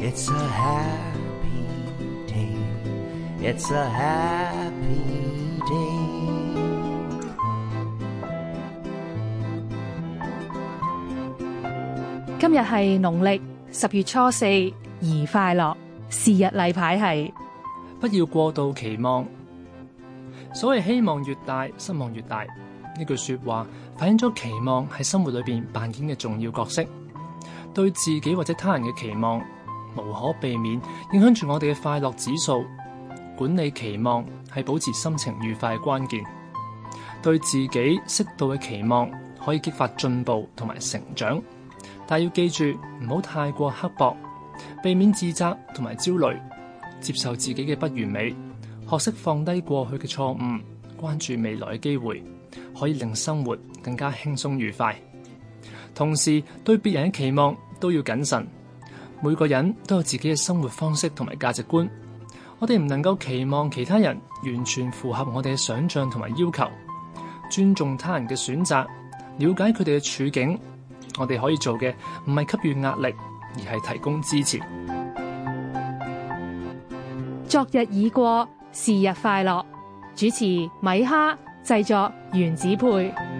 It's a happy day, it's a happy day 今日係農曆十月初四，宜快樂。是日例牌係不要過度期望。所謂希望越大，失望越大，呢句說話反映咗期望喺生活裏邊扮演嘅重要角色，對自己或者他人嘅期望，無可避免影響住我哋嘅快樂指數。管理期望係保持心情愉快嘅關鍵。對自己適度嘅期望可以激發進步同埋成長，但要記住唔好太過刻薄，避免自責同埋焦慮。接受自己嘅不完美，學識放低過去嘅錯誤，關注未來嘅機會，可以令生活更加輕鬆愉快。同時，對別人嘅期望都要謹慎。每個人都有自己嘅生活方式同埋價值觀，我哋唔能夠期望其他人完全符合我哋嘅想像同埋要求。尊重他人嘅選擇，了解佢哋嘅處境，我哋可以做嘅唔係給予壓力，而係提供支持。昨日已過，是日快樂。主持米哈，製作原子配。